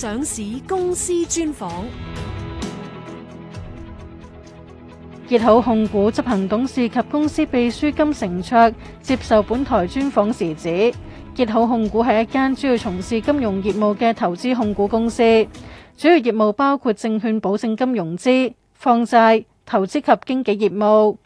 上市公司專訪，結好控股執行董事及公司秘書甘承倬接受本台專訪時指，結好控股係一間主要從事金融業務嘅投資控股公司，主要業務包括證券保證金融資、放債、投資及經紀業務。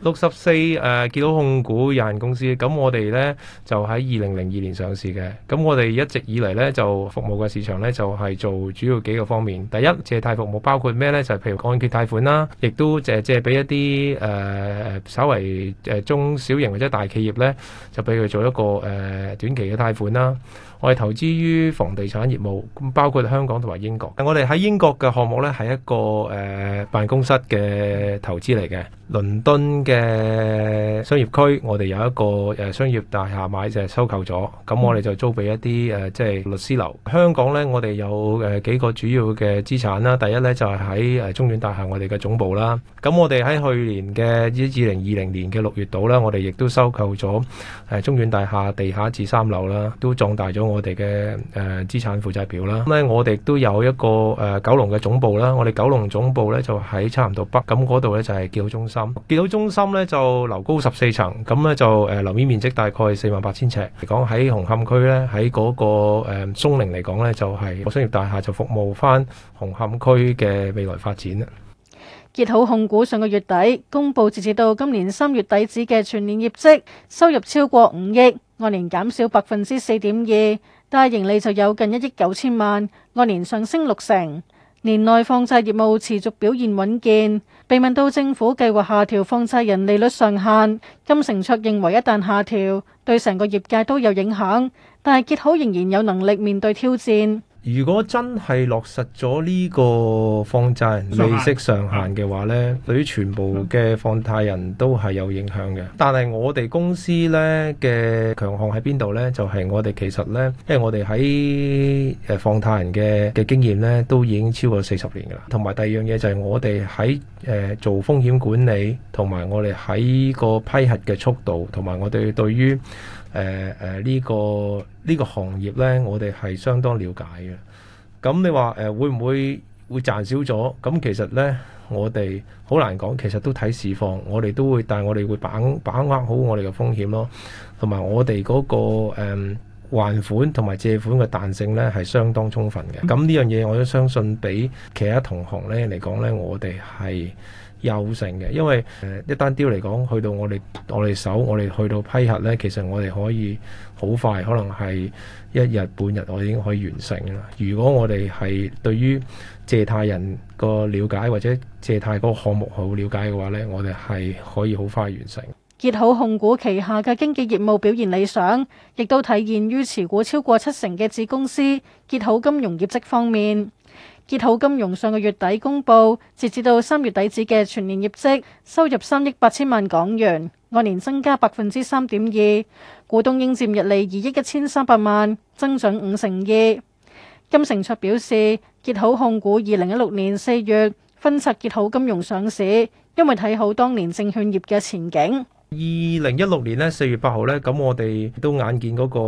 六十四誒結好控股有限公司，咁我哋呢，就喺二零零二年上市嘅，咁我哋一直以嚟呢，就服務嘅市場呢，就係、是、做主要幾個方面，第一，借貸服務包括咩呢？就譬、是、如按揭貸款啦，亦都借借俾一啲誒誒，稍為中小型或者大企業呢，就俾佢做一個誒、呃、短期嘅貸款啦。我哋投資於房地產業務，咁包括喺香港同埋英國。我哋喺英國嘅項目呢係一個誒辦公室嘅投資嚟嘅，倫敦嘅商業區我哋有一個誒商業大廈買就係收購咗，咁我哋就租俾一啲誒即係律師樓。香港呢我哋有誒幾個主要嘅資產啦，第一呢就係喺誒中遠大廈我哋嘅總部啦。咁我哋喺去年嘅二二零二零年嘅六月度呢，我哋亦都收購咗誒中遠大廈地下至三樓啦，都壯大咗。我哋嘅誒資產負債表啦，咁咧我哋都有一個誒九龍嘅總部啦，我哋九龍總部咧就喺漆咸道北，咁嗰度咧就係結好中心。結好中心咧就樓高十四層，咁咧就誒樓面面積大概四萬八千尺嚟講喺紅磡區咧喺嗰個誒中寧嚟講咧就係、是、我商業大廈就服務翻紅磡區嘅未來發展啦。結好控股上個月底公布截至到今年三月底止嘅全年業績，收入超過五億。按年減少百分之四點二，但係盈利就有近一億九千萬，按年上升六成。年內放債業務持續表現穩健。被問到政府計劃下調放債人利率上限，甘承倬認為一旦下調，對成個業界都有影響，但係結好仍然有能力面對挑戰。如果真係落實咗呢個放債人利息上限嘅話呢，上限。對於全部嘅放貸人都係有影響嘅。但係我哋公司呢嘅強項喺邊度呢？就係、係、我哋其實呢，因為我哋喺誒放貸人嘅嘅經驗呢都已經超過四十年噶啦。同埋第二樣嘢就係我哋喺誒做風險管理，同埋我哋喺個批核嘅速度，同埋我哋對於。誒誒呢個呢個行業呢，我哋係相當了解嘅。咁你話誒會唔會會賺少咗？咁其實呢，我哋好難講。其實都睇市況，我哋都會，但係我哋會把把握好我哋嘅風險咯。同埋我哋嗰個誒還款同埋借款嘅彈性呢，係相當充分嘅。咁呢樣嘢我都相信，比其他同行呢嚟講呢，我哋係。優勝嘅，因為誒一單 deal 嚟講，去到我哋我哋手，我哋去到批核呢，其實我哋可以好快，可能係一日半日，我已經可以完成啦。如果我哋係對於借貸人個了解，或者借貸個項目好了解嘅話呢，我哋係可以好快完成。結好控股旗下嘅經紀業務表現理想，亦都體現於持股超過七成嘅子公司結好金融業績方面。結好金融上個月底公布，截至到三月底止嘅全年業績收入三億八千萬港元，按年增加百分之三點二，股東應佔溢利二億一千三百萬，增長五成二。甘承倬表示，結好控股二零一六年四月分拆結好金融上市，因為睇好當年證券業嘅前景。二零一六年咧，四月八號咧，咁我哋都眼見嗰個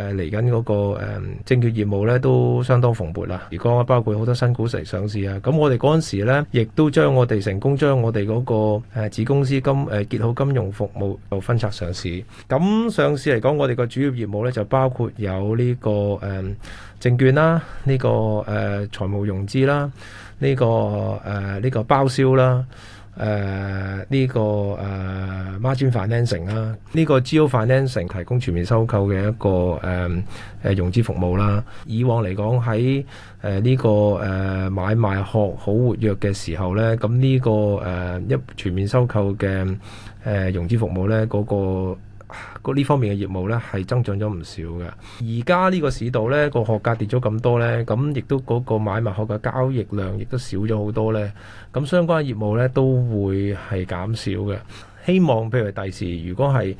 誒嚟緊嗰個誒證券業務咧都相當蓬勃啦。如果包括好多新股成上市啊，咁我哋嗰陣時咧，亦都將我哋成功將我哋嗰個誒子公司金誒結好金融服務就分拆上市。咁上市嚟講，我哋個主要業務咧就包括有呢個誒證券啦，呢個誒財務融資啦，呢個誒呢個包銷啦。誒呢、呃，這個誒孖展 financing 啦，呢個 geo financing 提供全面收購嘅一個誒誒融資服務啦。以往嚟講喺誒呢個誒、呃、買賣學好活躍嘅時候咧，咁、這、呢個誒一、呃、全面收購嘅誒融資服務咧嗰、那個。個呢方面嘅業務咧，係增長咗唔少嘅。而家呢個市道咧，個殼價跌咗咁多咧，咁亦都嗰個買賣殼嘅交易量亦都少咗好多咧。咁相關業務咧都會係減少嘅。希望譬如第時，如果係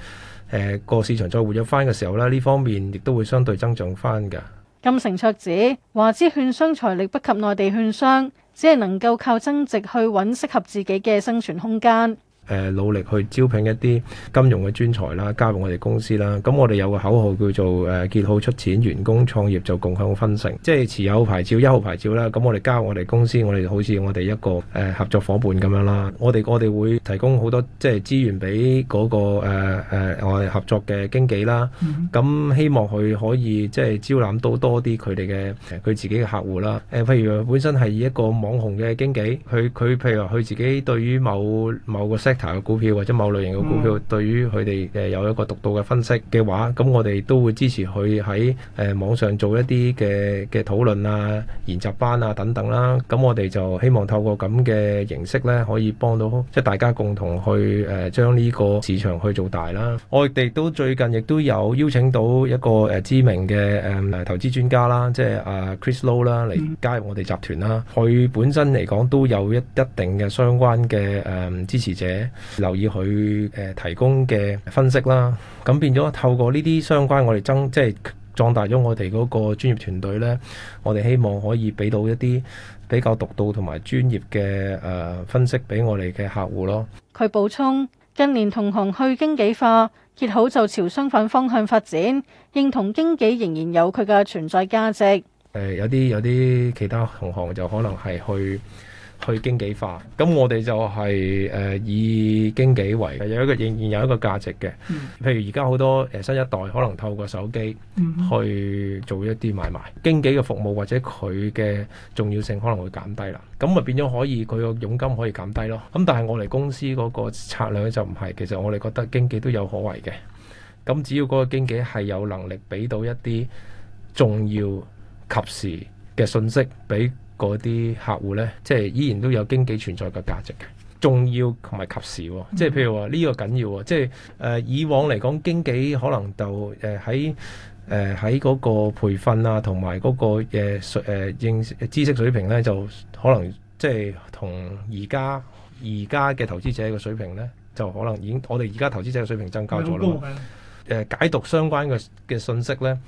誒個市場再活躍翻嘅時候咧，呢方面亦都會相對增長翻嘅。甘承倬指華資券商財力不及內地券商，只係能夠靠增值去揾適合自己嘅生存空間。誒努力去招聘一啲金融嘅專才啦，加入我哋公司啦。咁我哋有個口號叫做誒結好出錢員、呃、工創業就共享分成。即係持有牌照，一號牌照啦。咁我哋加入我哋公司，我哋好似我哋一個誒、呃、合作夥伴咁樣啦。我哋我哋會提供好多即係資源俾嗰、那個誒誒我哋合作嘅經紀啦。咁、mm hmm. 嗯、希望佢可以即係招攬到多啲佢哋嘅佢自己嘅客戶啦。誒、呃、譬如本身係以一個網紅嘅經紀，佢佢譬如話，佢自己對於某某個。查嘅股票或者某類型嘅股票，對於佢哋誒有一個獨到嘅分析嘅話，咁我哋都會支持佢喺誒網上做一啲嘅嘅討論啊、研習班啊等等啦。咁我哋就希望透過咁嘅形式咧，可以幫到即係大家共同去誒將呢個市場去做大啦。我哋亦都最近亦都有邀請到一個誒知名嘅誒投資專家啦，即係阿 Chris Low 啦嚟加入我哋集團啦。佢本身嚟講都有一一定嘅相關嘅誒支持者。留意佢誒提供嘅分析啦，咁變咗透過呢啲相關我，我哋增即係壯大咗我哋嗰個專業團隊咧，我哋希望可以俾到一啲比較獨到同埋專業嘅誒分析俾我哋嘅客戶咯。佢補充近年同行去經紀化，結好就朝相反方向發展，認同經紀仍然有佢嘅存在價值。誒，有啲有啲其他同行就可能係去。去經紀化，咁我哋就係、是、誒、呃、以經紀為有一個仍然有一個價值嘅。嗯、譬如而家好多誒新一代可能透過手機去做一啲買賣，經紀嘅服務或者佢嘅重要性可能會減低啦。咁咪變咗可以佢個佣金可以減低咯。咁但係我哋公司嗰個策略就唔係，其實我哋覺得經紀都有可為嘅。咁只要嗰個經紀係有能力俾到一啲重要、及時嘅信息俾。嗰啲客戶呢，即係依然都有經紀存在嘅價值嘅，重要同埋及時、哦。嗯、即係譬如話呢、呢個緊要啊！即係、呃、以往嚟講，經紀可能就誒喺誒嗰個培訓啊，同埋嗰個認、呃、知識水平呢，就可能即係同而家而家嘅投資者嘅水平呢，就可能已經我哋而家投資者嘅水平增加咗咯。解讀相關嘅嘅信息呢。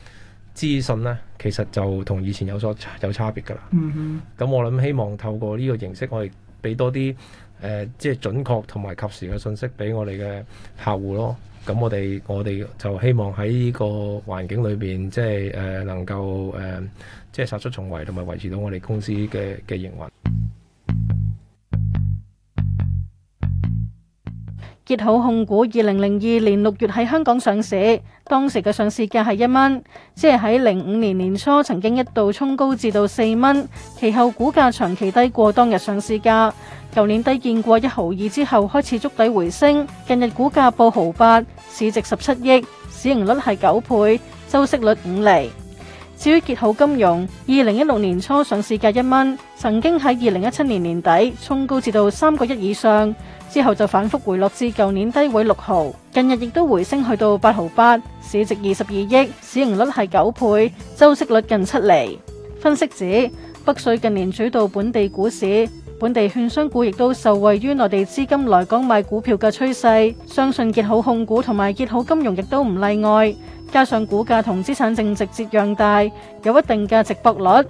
資訊咧，其實就同以前有所有差別㗎啦。咁、mm hmm. 我諗希望透過呢個形式我，呃就是我我，我哋俾多啲誒，即係準確同埋及時嘅信息俾我哋嘅客戶咯。咁我哋我哋就希望喺呢個環境裏邊，即係誒能夠誒，即、呃、係、就是、殺出重圍，同埋維持到我哋公司嘅嘅營運。結好控股二零零二年六月喺香港上市，當時嘅上市價係一蚊，即係喺零五年年初曾經一度衝高至到四蚊，其後股價長期低過當日上市價，舊年低見過一毫二之後開始築底回升，近日股價報毫八，市值十七億，市盈率係九倍，收息率五厘。至於結好金融，二零一六年初上市價一蚊，曾經喺二零一七年年底衝高至到三個一以上，之後就反覆回落至舊年低位六毫，近日亦都回升去到八毫八，市值二十二億，市盈率係九倍，周息率，率近七厘。分析指，北水近年主導本地股市，本地券商股亦都受惠於內地資金來港買股票嘅趨勢，相信結好控股同埋結好金融亦都唔例外。加上股價同資產淨值折讓大，有一定嘅值博率。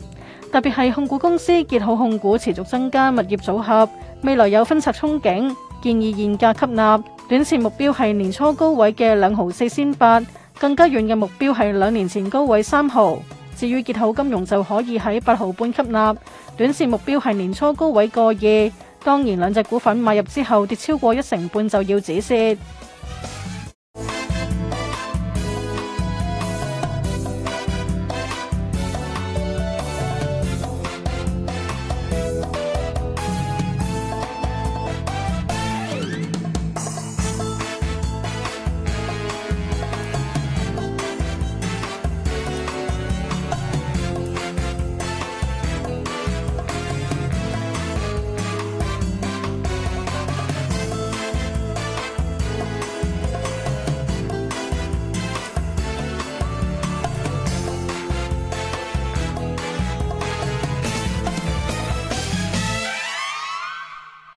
特別係控股公司結好控股持續增加物業組合，未來有分拆憧憬，建議現價吸納。短線目標係年初高位嘅兩毫四仙八，更加遠嘅目標係兩年前高位三毫。至於結好金融就可以喺八毫半吸納，短線目標係年初高位個二。當然兩隻股份買入之後跌超過一成半就要止蝕。